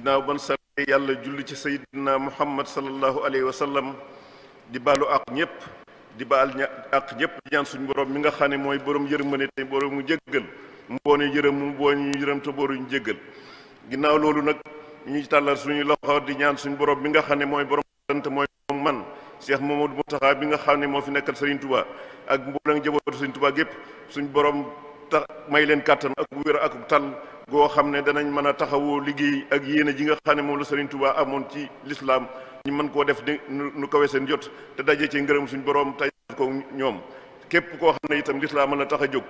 ginnaaw ban sante yàlla julli ci sayyidina muhammad sallallahu alayhi wa sallam di baalu ak ñëpp di baal ña ak ñëpp di ñaan suñu borom mi nga xam ne mooy borom yërmande te borom mu jéggal mu boone yërëm mu booñu yërëm te boruñu jéggal ginnaaw loolu nag ñu tàllal suñuy loxo di ñaan suñu borom bi nga xam ne mooy borom sant mooy man Cheikh Mamadou Mountakha bi nga xam ne moo fi nekkal Serigne Touba ak mboolem njabootu Serigne Touba gépp suñu borom tax may leen kàttan ak wér ak tal goo xam ne danañ mën a taxawoo liggéey ak yéene ji nga xam ne moom la Serigne tubaa amoon ci lislaam ñu mën koo def nu kawe seen jot te daje ci ngërëm suñ borom tey ko ñoom képp koo xam ne itam lislaam mën na tax a jóg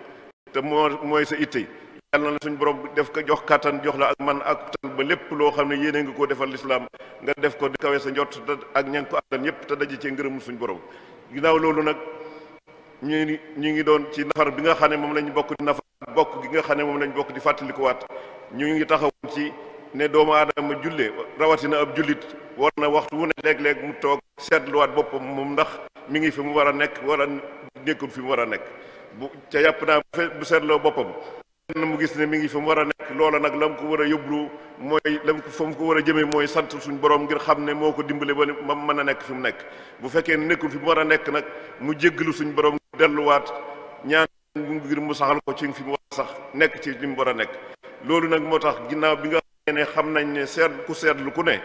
te moo mooy sa itte yàlla na suñ borom def ko jox kàttan jox la ak man ak tan ba lépp loo xam ne yéene nga koo defal lislaam nga def ko kawe sa njot ak ña ko àttan yépp te daje cee ngërëm suñ borom ginnaaw loolu nag ñu ñu ngi doon ci nafar bi nga xam ne moom lañ bokk di nafar bokk gi nga xam ne moom lañu bokk di fàttalikuwaat ñu ngi taxawoon ci ne doomu aadama julle rawatina ab jullit war na waxtu wu ne léeg-léeg mu toog seetluwaat boppam moom ndax mu ngi fi mu war a nekk wala nekkul fi mu war a nekk bu ca yàpp naa bu seetloo boppam na mu gis ne mi ngi fi mu war a nekk loola nag la mu ko war a yóbbu mooy la mu ko fa mu ko war a jëmee mooy sant suñu borom ngir xam ne moo ko dimbale ba ma mën a nekk fi mu nekk bu fekkee ne nekkul fi mu war a nekk nag mu jégglu suñ borom delluwaat ñaan ngir mu saxal ko ci fi mu war a sax nekk ci li war a nekk loolu nag moo tax ginnaaw bi nga xam xam nañ ne seet ku seetlu ku ne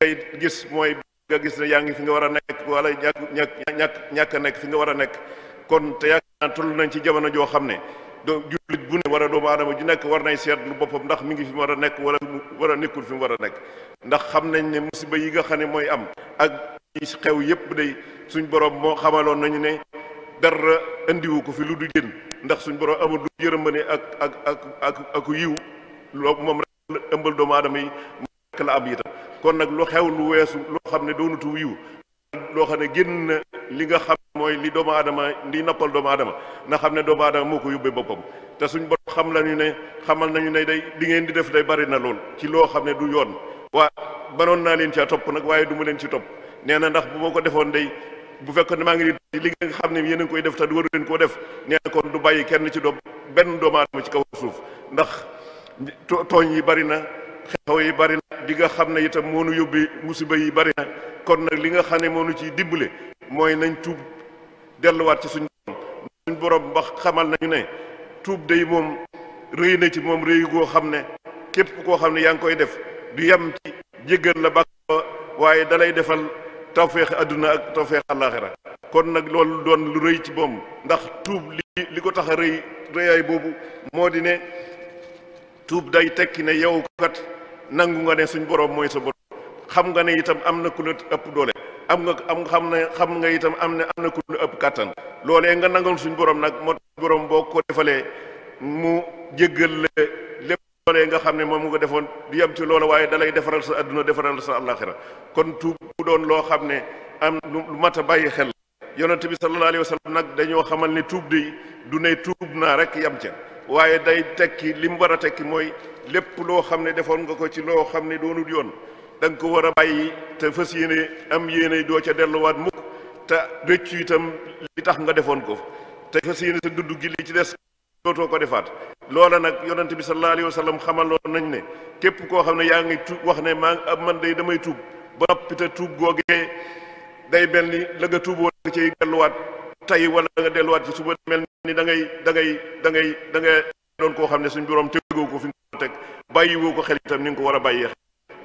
ngay gis mooy nga gis ne yaa ngi fi nga war a nekk wala ñàkk ñàkk ñàkk a nekk fi nga war a nekk kon te yaakaar naa toll nañ ci jamono joo xam ne doo jullit bu ne war a doomu aadama ju nekk war nay seetlu boppam ndax mi ngi fi mu war a nekk wala war a nekkul fi mu war a nekk ndax xam nañ ne musiba yi nga xam ne mooy am ak yi xew yépp day suñ borom moo xamaloon nañu ne dara indiwu ko fi lu du ndax suñ borom amul lu yërëmane ak ak ak ak ak yiw loo moom rek ëmbal doomu aadama yi mu nekk la am itam kon nag lu xew lu weesu loo xam ne doonutu yiw loo xam ne génn na li nga xam mooy li doomu aadama li noppal doomu adama na xam ne doomu aadama moo ko yóbbee boppam te suñ bopp xam lañu ne xamal nañu ne day li ngeen di def day bari na lool ci loo xam ne du yoon waa banoon naa leen ci topp nag waaye duma leen ci topp nee na ndax bu ma ko defoon day bu fekkoon ne maa ngi ni li xam ne yéen a koy def te du war leen koo def nee na kon du bàyyi kenn ci doom benn doomu aadama ci kaw suuf ndax tooñ yi bari na xew yi bari na nga xam ne itam moonu yóbbee musiba yi bari na kon nag li nga xam ne moo nu ciy dimbale mooy nañ tuub delluwaat ci suñ borom suñ borom xamal nañu ne tuub day moom rëy na ci moom rëy goo xam ne képp koo xam ne yaa ngi koy def du yam ci jéggal la bàq waaye dalay defal tawféex àdduna ak tawféex àllaaxira kon nag loolu doon lu rëy ci moom ndax tuub li li ko tax rëy rëyaay boobu moo di ne tuub day tekki ne yow kat nangu nga ne suñ borom mooy sa borom xam nga ne itam am na ku la ëpp doole am nga am xam ne xam nga itam am na am na ku la ëpp kàttan loolee nga nangoon suñ borom nag moo tax borom boo ko defalee mu jéggal la lépp loolee nga xam ne moom nga defoon du yem ci loola waaye dalay defaral sa adduna defaral sa àllaaxira kon tuub bu doon loo xam ne am lu mat bàyyi xel yonente bi sallallahu wa sallam nag dañoo xamal ne tuub di du ne tuub naa rek yam ca waaye day tekki li mu war a tekki mooy lépp loo xam ne defoon nga ko ci loo xam ne doonul yoon danga ko war a bàyyi te fas yéene am yéene doo ca delluwaat mukk te rëccu itam li tax nga defoon ko te fas yéene sa dudd gi li ci des dootoo ko defaat loola nag yonent bi sallallahu alayhi wa sallam xamaloon nañ ne képp koo xam ne yaa ngi tuub wax ne maa man de damay tuub ba noppi te tuub googee day mel ni la nga tuuboo nga cay delluwaat tey wala nga delluwaat ci suba mel ni da ngay da ngay da ngay da ngay doon koo xam ne suñ borom tëggoo ko fi nga ko teg bàyyiwoo ko xel itam ni nga ko war a bàyyee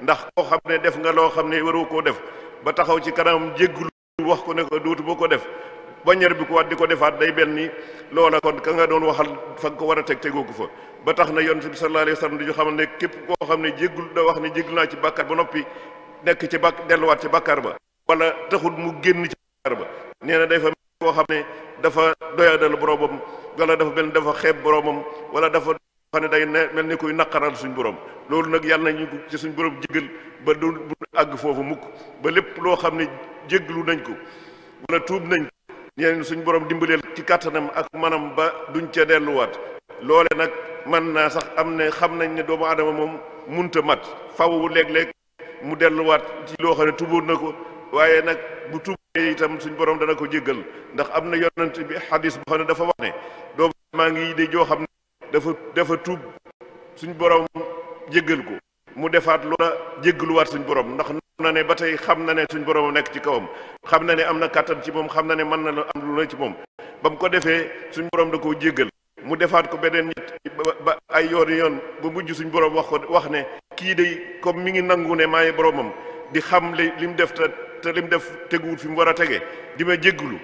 ndax koo xam ne def nga loo xam ne waroo koo def ba taxaw ci kanam jéggul wax ko ne ko boo ko def ba bañar bi ko waat di ko defaat day benn ni loola kon ka nga doon waxal fa nga ko war a teg tegoo ko fa ba tax na yonent bi sallallahu alayhi wa sallam dañu xamal ne képp koo xam ne jéggul da wax ne jéglu naa ci bàkkaar ba noppi nekk ci bàkk delluwaat ci bàkkaar ba wala taxul mu génn ci bàkkaar ba nee na day fa koo xam ne dafa doyadal boromam wala dafa benn dafa xeeb boromam wala dafa xam ne day mel ni kuy naqaral suñ borom loolu nag yàlla nañu ci suñ borom jéggal ba du bu àgg foofu mukk ba lépp loo xam ne jégglu nañ ko wala tuub nañ ko ñeneen suñ borom dimbaleel ci kàttanam ak manam ba duñ ca delluwaat loole nag man naa sax am ne xam nañ ne doomu aadama moom munta mat faw léeg-léeg mu delluwaat ci loo xam ne tuboon na ko waaye nag bu tuubee tam suñ borom dana ko jéggal ndax am na yonent bi xadis boo xam ne dafa wax ne doomu maa ngi de joo xam dafa dafa tuub suñ borom jéggal ko mu defaat loola jéggaluwaat suñ borom ndax na ne ba tey xam na ne suñ borom nekk ci kawam xam na ne am na kàttan ci moom xam na ne mën na la am lu la ci moom ba mu ko defee suñ borom da koo jéggal mu defaat ko beneen ñett ba ay yoon yoon ba mujj suñ borom wax ko wax ne kii day comme mi ngi nangu ne maay boromam di xam li li mu def te te li mu def teguwut fi mu war a tege di ma jéggalu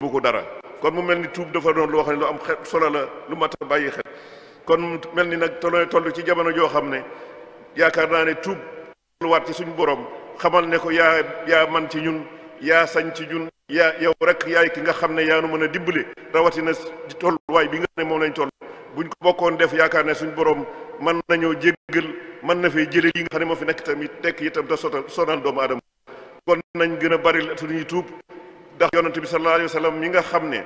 bu ko dara kon mu mel ni tuub dafa doon loo xam ne lu am xel solo la lu mat a bàyyi xel kon mel ni nag tolloy toll ci jamono joo xam ne yaakaar naa ne tuub luwaat ci suñu borom xamal ne ko yaa yaa man ci ñun yaa sañ ci ñun yaa yow rek yaay ki nga xam ne yaa nu mën a dimbale rawatina di tolluwaay bi nga ne moom lañ toll buñ ko bokkoon def yaakaar ne suñu borom mën nañoo jéggal mën na fee jële yi nga xam ne moo fi nekk tamit nekk itam te soto sonal doomu aadama kon nañ gën a bari suñuy tuub ndax yonent bi sallallahu alayhi wa mi nga xam ne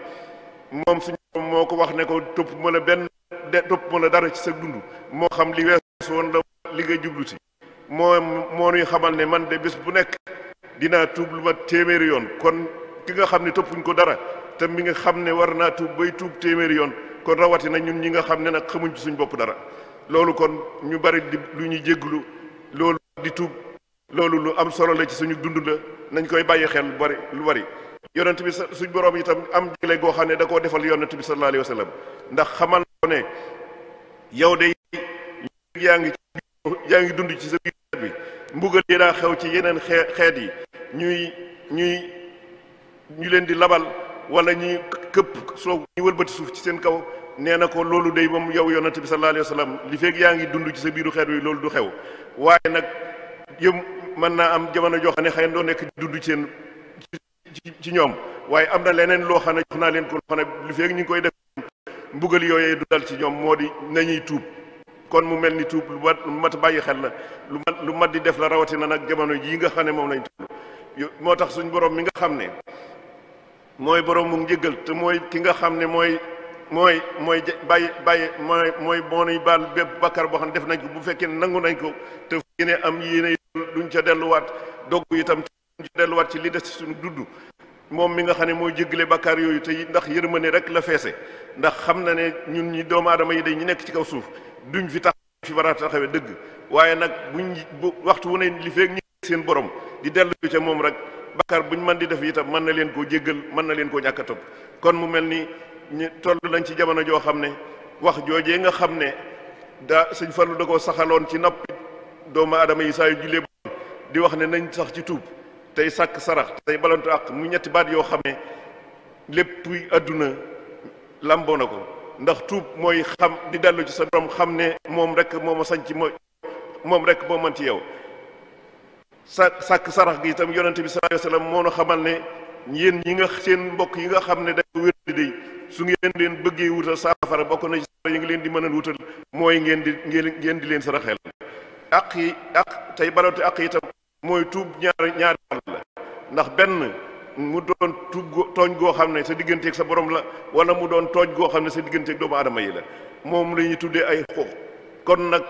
moom suñu moo ko wax ne ko topp ma la benn de topp ma la dara ci sa dund moo xam li weesu woon la li nga jublu si moo moo nuy xamal ne man de bés bu nekk dinaa tuub lu ma téeméeri yoon kon ki nga xam ne toppuñ ko dara te mi nga xam ne war naa tuub bay tuub téeméeri yoon kon rawatina ñun ñi nga xam ne nag xamuñ ci suñ bopp dara loolu kon ñu bari di lu ñuy jégglu loolu di tuub loolu lu am solo la ci suñu dund la nañ koy bàyyi xel bari lu bari yonent bi suñ borom itam am jagle goo xam ne da koo defal yonent bi sallallahu alayhi wa ndax xamal ko ne yow de yaa ngi yaa ngi dund ci sa biir xeet bi mbugal yi xew ci yeneen xee xeet yi ñuy ñuy ñu leen di labal wala ñuy këpp soo ñu wëlbati suuf ci seen kaw nee na ko loolu day moom yow yonent bi sallallahu alayhi wa sallam yaa ngi dund ci sa biiru xeet wi loolu du xew waaye nag yëm mën naa am jamono joo xam ne xay na doo nekk dund ci seen ci ñoom waaye am na leneen loo xam ne jox naa leen ko loo xam ne lu feeg ñu koy def mbugal yooyee du dal ci ñoom moo di nañuy tuub kon mu mel ni tuub lu mat bàyyi xel la lu mat lu mat di def la rawatina nag jamono jii nga xam ne moom lañ toll moo tax suñ borom mi nga xam ne mooy borom mu njëggal te mooy ki nga xam ne mooy mooy mooy bàyyi bàyyi mooy mooy moo nuy baal bépp bakkar boo xam ne def nañ ko bu fekkee nangu nañ ko te fu ne am yéene duñ ca delluwaat dogg itam ñu delluwaat ci li des ci suñu dudd moom mi nga xam ne mooy jéggale bakkaar yooyu te ndax yërmande rek la feese ndax xam na ne ñun ñi doomu aadama yi day ñu nekk ci kaw suuf duñ fi tax fi waraat a taxawee dëgg waaye nag buñ waxtu wu ne li feek seen borom di dellu ca moom rek bakkaar ñu mën di def itam mën na leen koo jéggal mën na leen koo ñàkk a kon mu mel ni ñu toll nañ ci jamono joo xam ne wax joojee nga xam ne daa sëñ falu da koo saxaloon ci noppi doomu aadama yi saa yu di wax ne nañ sax ci tuub tey sàkk sarax tey balantu ak mu ñetti baat yoo xam ne lépp àdduna lamboo na ko ndax tuub mooy xam di dellu ci sa borom xam ne moom rek moo ma sañ ci ma moom rek moo man ci yow sa sàkk sarax gi itam yonente bi sallallahu alayhi wasallam moo nu xamal ne yéen ñi nga seen mbokk yi nga xam ne dañ wér di day su ngeen leen bëggee wutal saafara bokk na ci yi nga leen di mën a wutal mooy ngeen di ngeen ngeen di leen saraxeel ak yi ak tey balante ak itam mooy tuub ñaari ñaar wàll la ndax benn mu doon tuub tooñ goo xam ne sa digganteek sa borom la wala mu doon tooñ goo xam ne sa digganteeg doomu aadama yi la moom la ñuy tuddee ay xux kon nag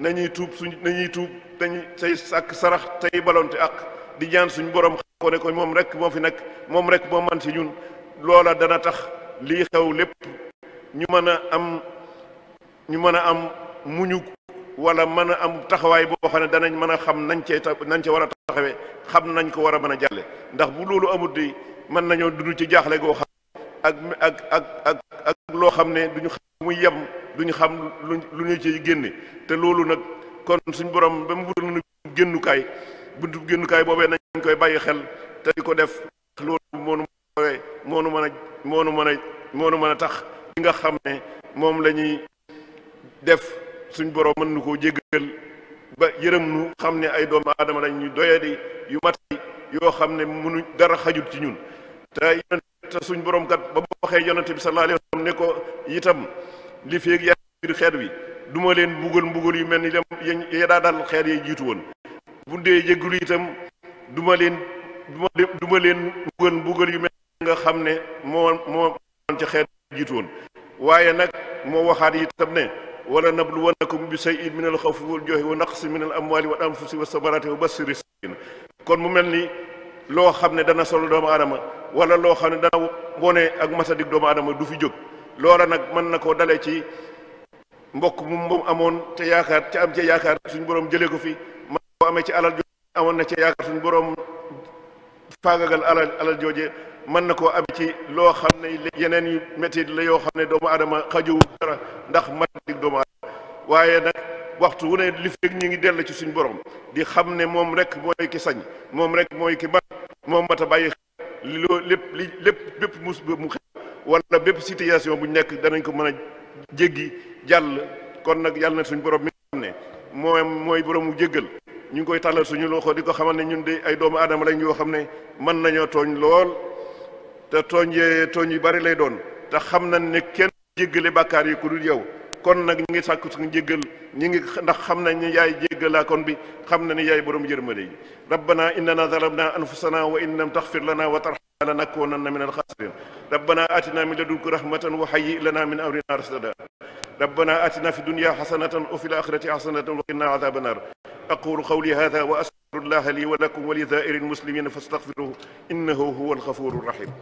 nañuy tuub suñ nañuy tuub dañuy say sàkk sarax tey balonte ak di ñaan suñ borom xam ko ne ko moom rek moo fi nekk moom rek moo man ci ñun loola dana tax lii xew lépp ñu mën a am ñu mën a am muñu wala mën a am taxawaay boo xam ne danañ mën a xam nañ cee nañ ca war a taxawee xam nañ ko war a mën a jàlle ndax bu loolu amut di mën nañoo dund ci jaaxle goo xam ak ak ak ak ak loo xam ne duñu xam muy yem xam lu lu ñu ci génne te loolu nag kon suñ borom ba mu wutal nu génnukaay buntu génnukaay boobee nañ koy bàyyi xel te di ko def loolu moonu moonu mën a moonu mën a moonu mën a tax nga xam ne moom la ñuy def suñ borom mën nu koo jéggal ba yërëm nu xam ne ay doomu aadama lañ ñu doyadi yu mat yoo xam ne mënu dara xajut ci ñun te suñ borom kat ba mu waxee yonent bi sallallahu alayhi wasallam ne ko itam li feeg yaa biir xeet wi duma leen mbugal mbugal yu mel ni lam ya daa dal xeet yi jiitu woon bu dee jéggulu itam duma leen duma duma leen mbugal mbugal yu mel nga xam ne moo moo ci xeet jiitu woon waaye nag moo waxaat itam ne wala nabluwannakum bi shay'in min al xawfi wal jooxi wa naqsi min al amwali wal anfusi wa samarati wa bashiri sabirin kon mu mel ni loo xam ne dana solo doomu aadama wala loo xam ne dana wone ak masadik doomu aadama du fi jóg loola nag mën na koo dale ci mbokk mu moom amoon te yaakaar ca am ci yaakaar suñ borom jëlee ko fi man koo amee ci alal jooje amoon na ci yaakaar suñ borom faagagal alal alal jooje mën na koo ab ci loo xam ne yeneen yu métit la yoo xam ne doomu aadama xajuwu dara ndax mat dig doomu aadama waaye nag waxtu wu ne li fekk ñu ngi dell ci suñu borom di xam ne moom rek mooy ki sañ moom rek mooy ki mat moom mat bàyyi li lépp li lépp bépp mus mu xew wala bépp situation bu nekk danañ ko mën a jéggi jàll kon nag yàlla na borom mi xam ne moom mooy borom mu jéggal ñu ngi koy tàllal suñu loxo di ko xamal ne ñun de ay doomu aadama lañ yoo xam ne mën nañoo tooñ lool te tooñ yee tooñ yu bari lay doon te xam nañ ne kenn jéggale bàkkaar yi ku yow kon nag ñi ngi sàkku suñu jéggal ñi ngi ndax xam nañ ne yaay jéggalaa kon bi xam na ne yaay borom yërmande yi rabbana innana zalamna anfusana wa in lam taxfir lana wa tarhamna lanakunanna min alxaasirin rabbana atina min ladunka rahmatan wa hayyi lana min amrina rashada rabbana atina fi dunya xasanatan wa fi l axirati wa qina azaba أقول قولي هذا وأستغفر الله لي ولكم ولسائر المسلمين فاستغفروه إنه هو الغفور الرحيم